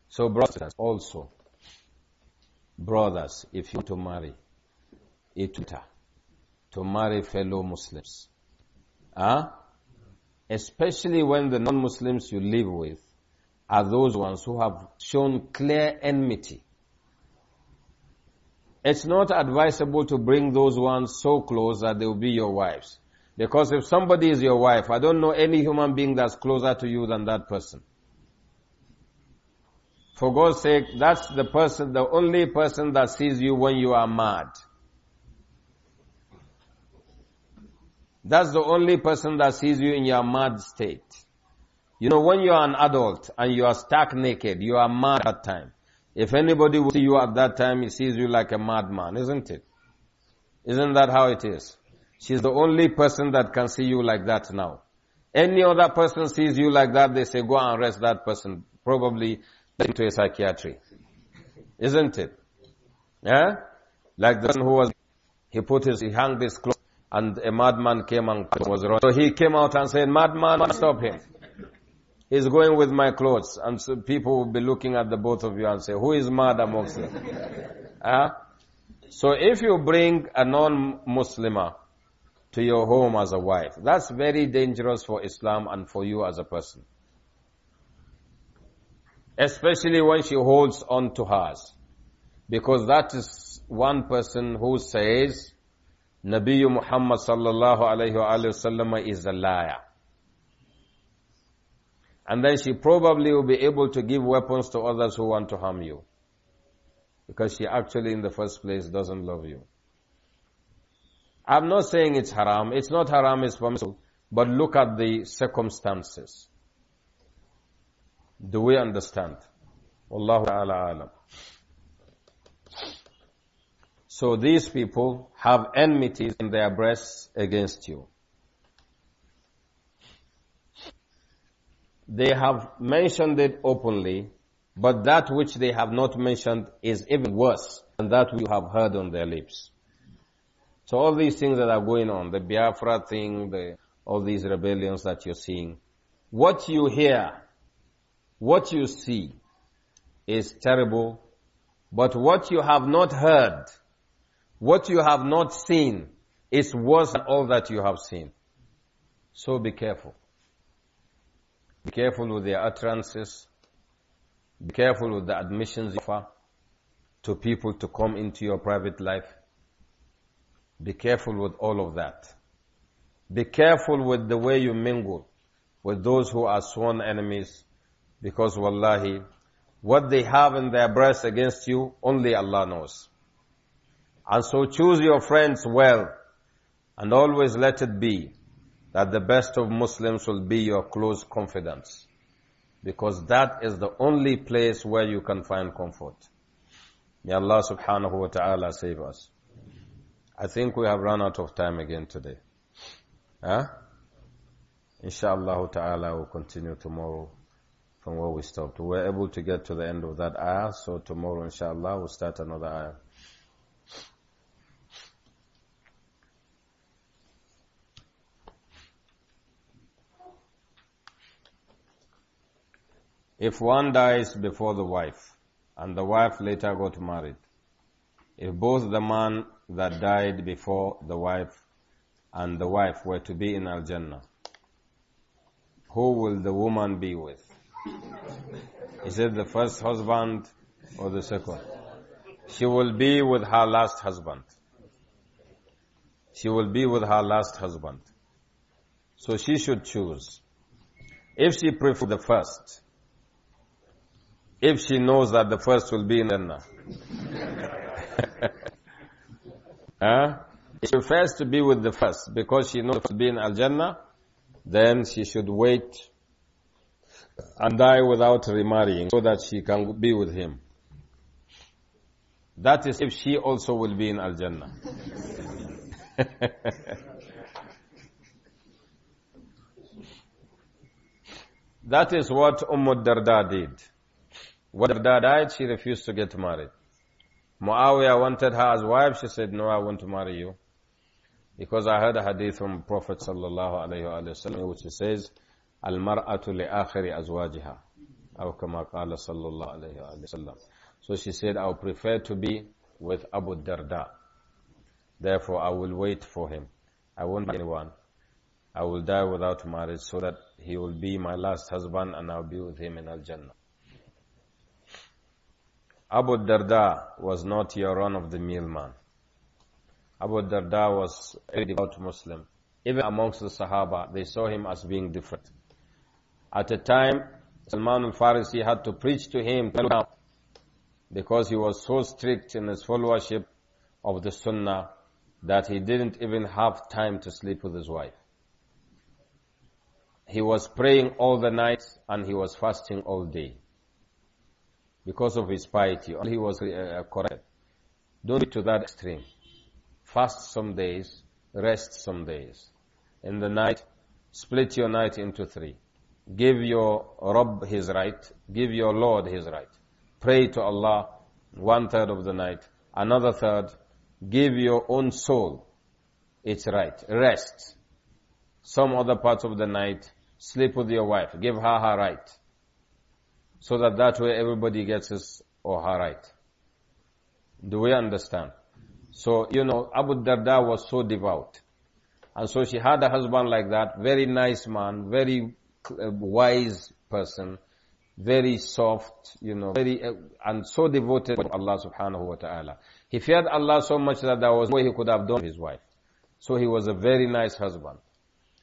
So brothers also, brothers, if you want to marry, it better to marry fellow Muslims. Huh? Especially when the non-Muslims you live with are those ones who have shown clear enmity. It's not advisable to bring those ones so close that they will be your wives. Because if somebody is your wife, I don't know any human being that's closer to you than that person. For God's sake, that's the person, the only person that sees you when you are mad. That's the only person that sees you in your mad state. You know, when you are an adult and you are stark naked, you are mad at that time. If anybody will see you at that time, he sees you like a madman, isn't it? Isn't that how it is? She's the only person that can see you like that now. Any other person sees you like that, they say, go and arrest that person. Probably to a psychiatry. Isn't it? Yeah? Like the one who was, he put his, he hung his clothes and a madman came and was running. So he came out and said, madman, stop him. He's going with my clothes. And so people will be looking at the both of you and say, who is mad amongst them? huh? So if you bring a non-Muslimah, to your home as a wife. That's very dangerous for Islam and for you as a person. Especially when she holds on to hers. Because that is one person who says, Nabi Muhammad sallallahu alayhi wa is a liar. And then she probably will be able to give weapons to others who want to harm you. Because she actually in the first place doesn't love you. I'm not saying it's haram. It's not haram, it's permissible. But look at the circumstances. Do we understand? Allahu ta'ala alam. So these people have enmities in their breasts against you. They have mentioned it openly, but that which they have not mentioned is even worse than that we have heard on their lips. So all these things that are going on, the Biafra thing, the, all these rebellions that you're seeing, what you hear, what you see is terrible, but what you have not heard, what you have not seen is worse than all that you have seen. So be careful. Be careful with their utterances. Be careful with the admissions you offer to people to come into your private life. Be careful with all of that. Be careful with the way you mingle with those who are sworn enemies because wallahi, what they have in their breast against you, only Allah knows. And so choose your friends well and always let it be that the best of Muslims will be your close confidants because that is the only place where you can find comfort. May Allah subhanahu wa ta'ala save us. I think we have run out of time again today. Huh? Inshallah ta'ala will continue tomorrow from where we stopped. We were able to get to the end of that ayah, so tomorrow inshallah we'll start another ayah. If one dies before the wife and the wife later got married, if both the man that died before the wife and the wife were to be in Al Jannah, who will the woman be with? Is it the first husband or the second? She will be with her last husband. She will be with her last husband. So she should choose. If she prefers the first, if she knows that the first will be in Jannah, Huh? She prefers to be with the first because she knows to be in Al-Jannah, then she should wait and die without remarrying so that she can be with him. That is if she also will be in Al-Jannah. that is what Umm Darda did. When Darda died, she refused to get married. Muawiyah wanted her as wife. She said, no, I want to marry you. Because I heard a hadith from Prophet sallallahu alayhi wa sallam, which says, المرأة لآخر أزواجها أو كما قال صلى الله عليه So she said, I would prefer to be with Abu Darda. Therefore, I will wait for him. I won't marry anyone. I will die without marriage so that he will be my last husband and I'll be with him in Al-Jannah. Abu Darda was not your run-of-the-mill man. Abu Darda was a devout Muslim. Even amongst the Sahaba, they saw him as being different. At a time, Salman al-Farisi had to preach to him because he was so strict in his followership of the Sunnah that he didn't even have time to sleep with his wife. He was praying all the night and he was fasting all day because of his piety. He was uh, correct. Don't be to that extreme. Fast some days, rest some days. In the night, split your night into three. Give your Rabb his right, give your Lord his right. Pray to Allah one third of the night, another third, give your own soul its right. Rest. Some other parts of the night, sleep with your wife, give her her right. So that that way everybody gets his or her right. Do we understand? So, you know, Abu Darda was so devout. And so she had a husband like that, very nice man, very uh, wise person, very soft, you know, very, uh, and so devoted to Allah subhanahu wa ta'ala. He feared Allah so much that there was no way he could have done his wife. So he was a very nice husband.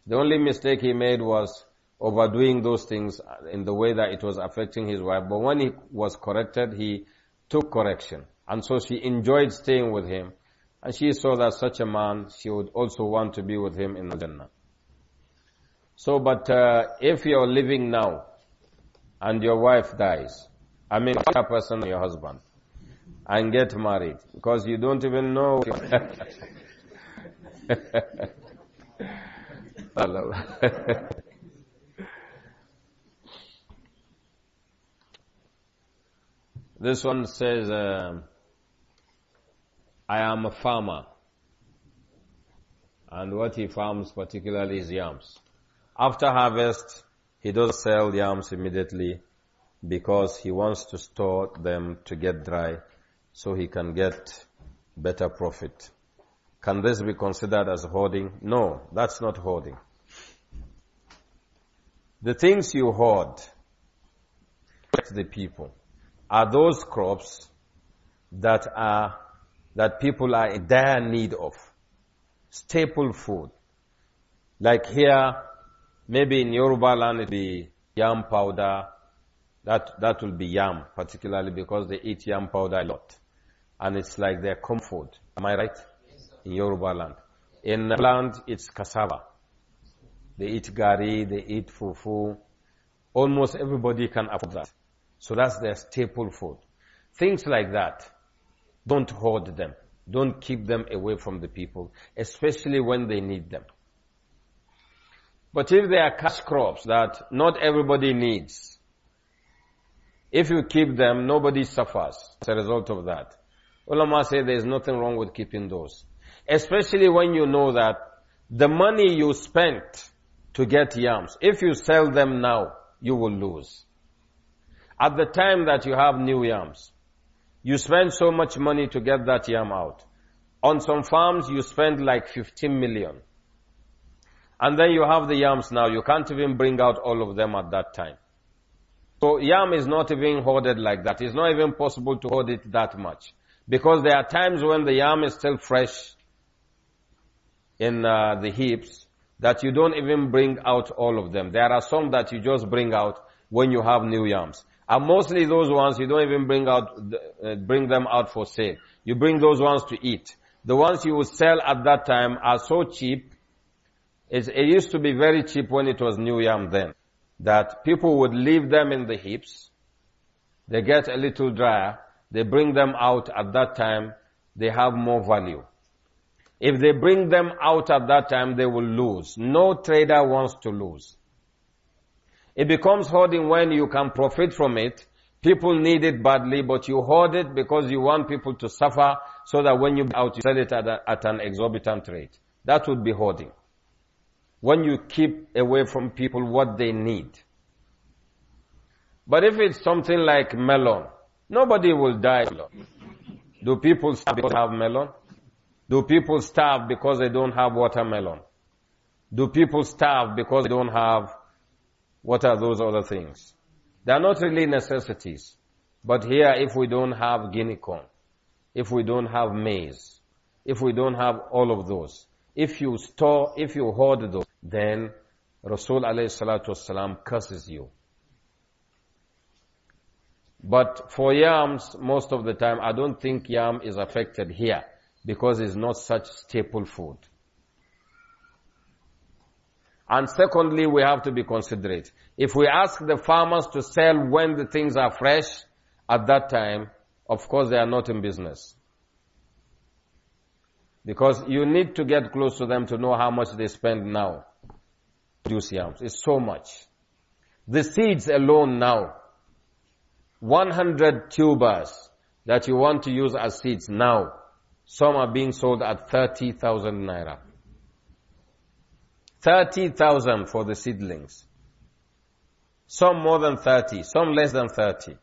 The only mistake he made was overdoing those things in the way that it was affecting his wife. But when he was corrected, he took correction. And so she enjoyed staying with him. And she saw that such a man, she would also want to be with him in Jannah. So, but uh, if you're living now and your wife dies, I mean, a person, your husband, and get married because you don't even know. Allah. This one says, uh, I am a farmer. And what he farms particularly is yams. After harvest, he doesn't sell yams immediately because he wants to store them to get dry so he can get better profit. Can this be considered as hoarding? No, that's not hoarding. The things you hoard affect the people are those crops that are, that people are in dire need of. Staple food. Like here, maybe in Yoruba land it be yam powder. That, that will be yam, particularly because they eat yam powder a lot. And it's like their comfort. Am I right? Yes, in Yoruba land. In land, it's cassava. They eat gari, they eat fufu. Almost everybody can afford that. So that's their staple food. Things like that, don't hoard them. Don't keep them away from the people, especially when they need them. But if they are cash crops that not everybody needs, if you keep them, nobody suffers as a result of that. Ulama say there is nothing wrong with keeping those. Especially when you know that the money you spent to get yams, if you sell them now, you will lose. At the time that you have new yams, you spend so much money to get that yam out. On some farms, you spend like 15 million. And then you have the yams now. You can't even bring out all of them at that time. So yam is not even hoarded like that. It's not even possible to hoard it that much. Because there are times when the yam is still fresh in uh, the heaps that you don't even bring out all of them. There are some that you just bring out when you have new yams. And mostly those ones you don't even bring out, uh, bring them out for sale. You bring those ones to eat. The ones you would sell at that time are so cheap. It's, it used to be very cheap when it was new yam then. That people would leave them in the heaps. They get a little drier. They bring them out at that time. They have more value. If they bring them out at that time, they will lose. No trader wants to lose. It becomes hoarding when you can profit from it. People need it badly, but you hoard it because you want people to suffer so that when you out, you sell it at, a, at an exorbitant rate. That would be hoarding. When you keep away from people what they need. But if it's something like melon, nobody will die. Do people starve because they have melon? Do people starve because they don't have watermelon? Do people starve because they don't have what are those other things? They are not really necessities. But here, if we don't have guinea corn, if we don't have maize, if we don't have all of those, if you store, if you hoard those, then Rasul alayhi salatu wasalam curses you. But for yams, most of the time, I don't think yam is affected here because it's not such staple food. And secondly, we have to be considerate. If we ask the farmers to sell when the things are fresh, at that time, of course they are not in business. Because you need to get close to them to know how much they spend now. Juice yams. It's so much. The seeds alone now. 100 tubers that you want to use as seeds now. Some are being sold at 30,000 naira. 30,000 for the seedlings. Some more than 30, some less than 30.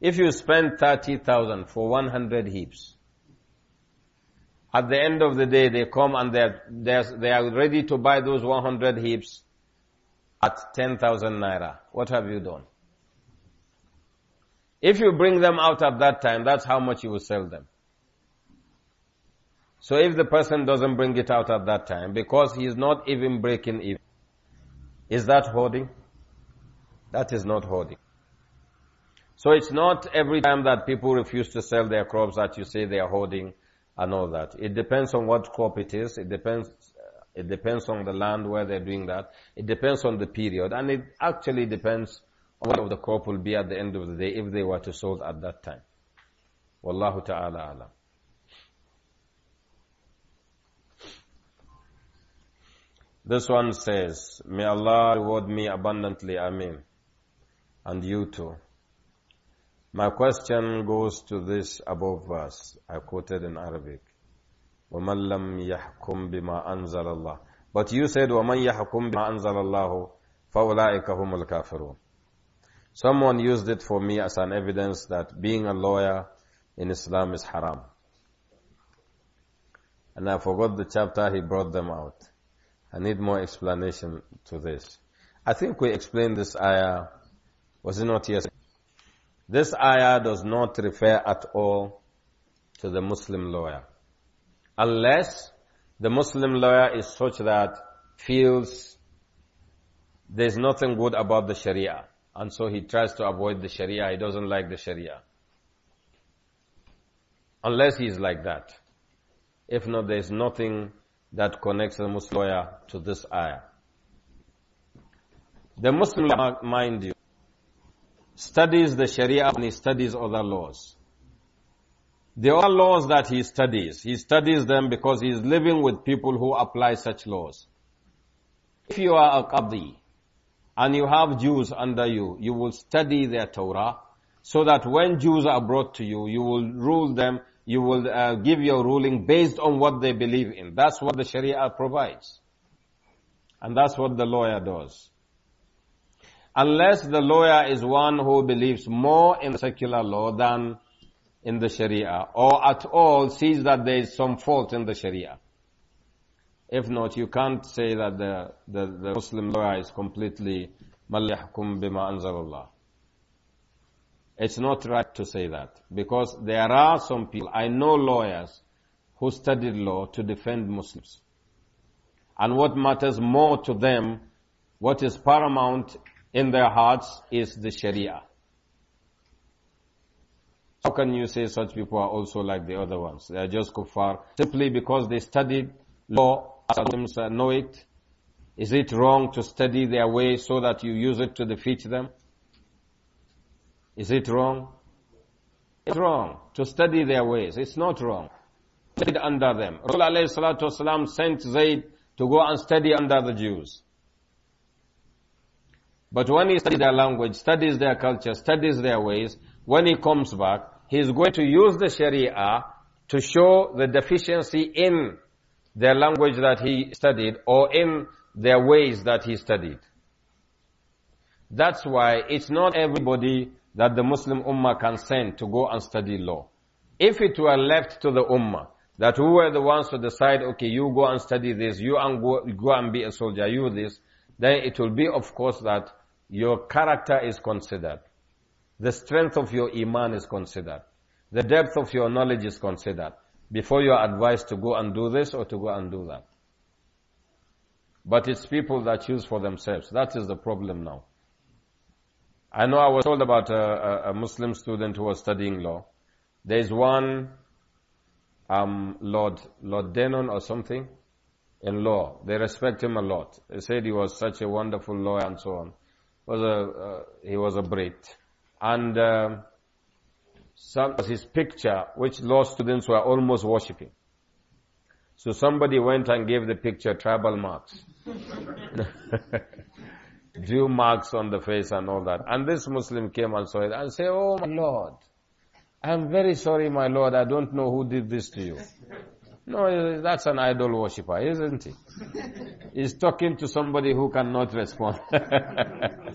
If you spend 30,000 for 100 heaps, at the end of the day they come and they are, they are, they are ready to buy those 100 heaps at 10,000 naira. What have you done? If you bring them out at that time, that's how much you will sell them. So if the person doesn't bring it out at that time, because he is not even breaking even, is that hoarding? That is not hoarding. So it's not every time that people refuse to sell their crops that you say they are hoarding and all that. It depends on what crop it is. It depends, uh, it depends on the land where they're doing that. It depends on the period. And it actually depends on what the crop will be at the end of the day if they were to sold at that time. Wallahu ta'ala alam. This one says, May Allah reward me abundantly, Ameen. And you too. My question goes to this above verse I quoted in Arabic. وَمَنْ لَمْ يَحْكُمْ بِمَا أَنزَلَ اللَّهُ But you said, وَمَنْ يَحْكُمْ بِمَا أَنزَلَ اللَّهُ فَأُولَٰئِكَ هُمُ الْكَافِرُونَ Someone used it for me as an evidence that being a lawyer in Islam is haram. And I forgot the chapter he brought them out. I need more explanation to this. I think we explained this ayah, was it not yesterday? This ayah does not refer at all to the Muslim lawyer. Unless the Muslim lawyer is such that feels there's nothing good about the Sharia. And so he tries to avoid the Sharia. He doesn't like the Sharia. Unless he's like that. If not, there's nothing that connects the Muslim lawyer to this ayah. The Muslim, mind you, studies the Sharia and he studies other laws. The other laws that he studies, he studies them because he is living with people who apply such laws. If you are a Qadi and you have Jews under you, you will study their Torah so that when Jews are brought to you, you will rule them you will uh, give your ruling based on what they believe in. That's what the Sharia provides. And that's what the lawyer does. Unless the lawyer is one who believes more in secular law than in the Sharia, or at all sees that there is some fault in the Sharia. If not, you can't say that the, the, the Muslim lawyer is completely مَلْ يَحْكُمْ بِمَا أَنزَلَ اللَّهِ it's not right to say that because there are some people, I know lawyers who studied law to defend Muslims. And what matters more to them, what is paramount in their hearts is the Sharia. How can you say such people are also like the other ones? They are just kuffar simply because they studied law as Muslims know it. Is it wrong to study their way so that you use it to defeat them? Is it wrong? It's wrong to study their ways. It's not wrong. Study under them. Rasulullah sent Zayd to go and study under the Jews. But when he studies their language, studies their culture, studies their ways, when he comes back, he is going to use the Sharia to show the deficiency in their language that he studied or in their ways that he studied. That's why it's not everybody that the Muslim Ummah can send to go and study law. If it were left to the Ummah, that who were the ones to decide, okay, you go and study this, you and go, go and be a soldier, you this, then it will be, of course, that your character is considered. The strength of your iman is considered. The depth of your knowledge is considered before you are advised to go and do this or to go and do that. But it's people that choose for themselves. That is the problem now. I know I was told about a, a, Muslim student who was studying law. There is one um, Lord Lord Denon or something in law. They respect him a lot. They said he was such a wonderful lawyer and so on. Was a uh, he was a Brit, and uh, some his picture, which law students were almost worshipping. So somebody went and gave the picture tribal marks. drew marks on the face and all that. And this Muslim came and saw it and said, Oh my Lord, I'm very sorry, my Lord, I don't know who did this to you. No, that's an idol worshipper, isn't he? He's talking to somebody who cannot respond.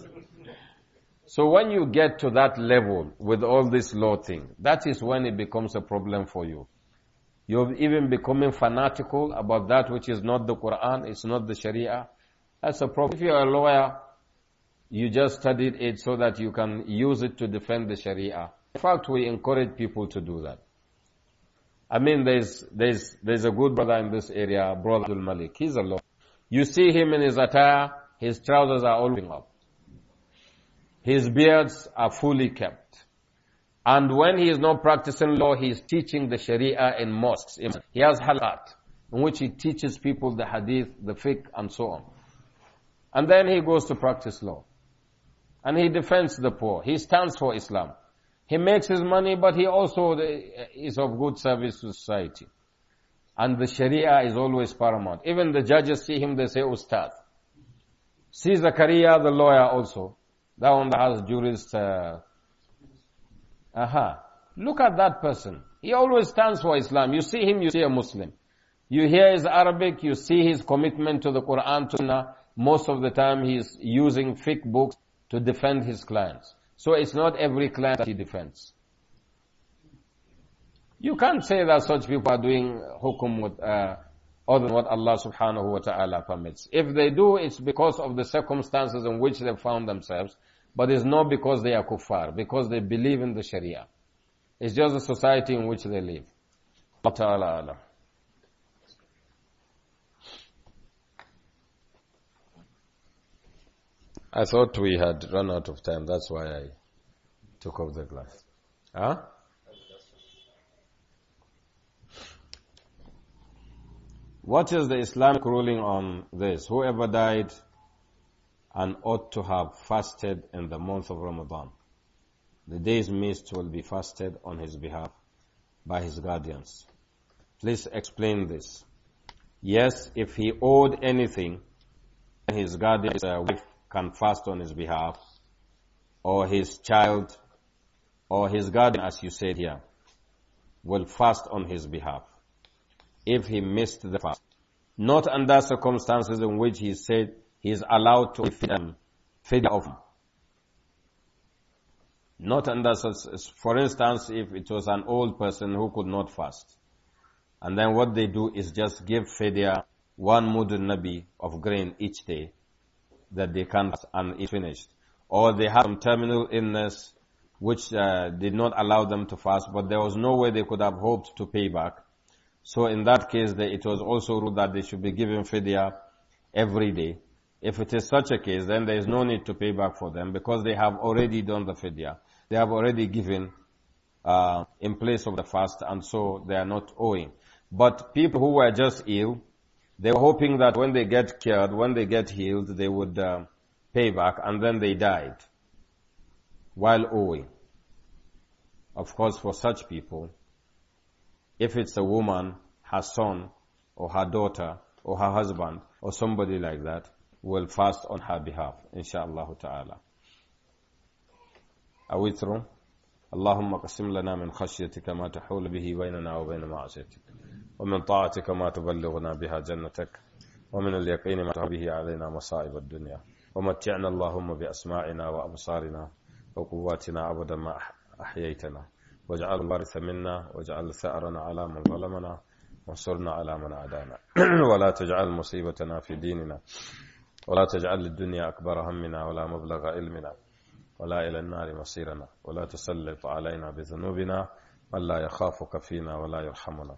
so when you get to that level with all this law thing, that is when it becomes a problem for you. You're even becoming fanatical about that which is not the Quran, it's not the Sharia. That's a problem. If you're a lawyer you just studied it so that you can use it to defend the Sharia. In fact, we encourage people to do that. I mean, there's, there's, there's a good brother in this area, Brother Abdul Malik. He's a law. You see him in his attire, his trousers are all up. His beards are fully kept. And when he is not practicing law, he is teaching the Sharia in mosques. He has halat, in which he teaches people the hadith, the fiqh, and so on. And then he goes to practice law and he defends the poor. He stands for Islam. He makes his money, but he also is of good service to society. And the Sharia is always paramount. Even the judges see him, they say Ustad. See Zakaria, the lawyer also. That one that has jurist, uh, aha. Uh-huh. Look at that person. He always stands for Islam. You see him, you see a Muslim. You hear his Arabic, you see his commitment to the Quran, to Sunnah. Most of the time he is using fake books to defend his clients. So it's not every client that he defends. You can't say that such people are doing hukum with, uh, other than what Allah subhanahu wa ta'ala permits. If they do, it's because of the circumstances in which they found themselves, but it's not because they are kuffar, because they believe in the sharia. It's just the society in which they live. ta'ala I thought we had run out of time. That's why I took off the glass. Huh? What is the Islamic ruling on this? Whoever died and ought to have fasted in the month of Ramadan, the days missed will be fasted on his behalf by his guardians. Please explain this. Yes, if he owed anything, his guardian, are wife, can fast on his behalf, or his child, or his guardian, as you said here, will fast on his behalf if he missed the fast. Not under circumstances in which he said he is allowed to feed them, feed of Not under such, for instance, if it was an old person who could not fast. And then what they do is just give Fedia one mudun nabi of grain each day that they can't and is finished. Or they have some terminal illness which uh, did not allow them to fast, but there was no way they could have hoped to pay back. So in that case, it was also ruled that they should be given fidya every day. If it is such a case, then there is no need to pay back for them because they have already done the fidya. They have already given uh, in place of the fast, and so they are not owing. But people who were just ill, they were hoping that when they get cured, when they get healed, they would uh, pay back and then they died while owing. Of course, for such people, if it's a woman, her son or her daughter or her husband or somebody like that, will fast on her behalf, inshallah ta'ala. Are we through? اللهم قسم لنا من خشيتك ما تحول به بيننا وبين معصيتك ومن طاعتك ما تبلغنا بها جنتك ومن اليقين ما به علينا مصائب الدنيا ومتعنا اللهم بأسماعنا وأبصارنا وقواتنا أبدا ما أحييتنا واجعل الوارث منا واجعل ثأرنا على من ظلمنا وانصرنا على من عدانا ولا تجعل مصيبتنا في ديننا ولا تجعل الدنيا أكبر همنا ولا مبلغ علمنا ولا إلى النار مصيرنا ولا تسلط علينا بذنوبنا من لا يخافك فينا ولا يرحمنا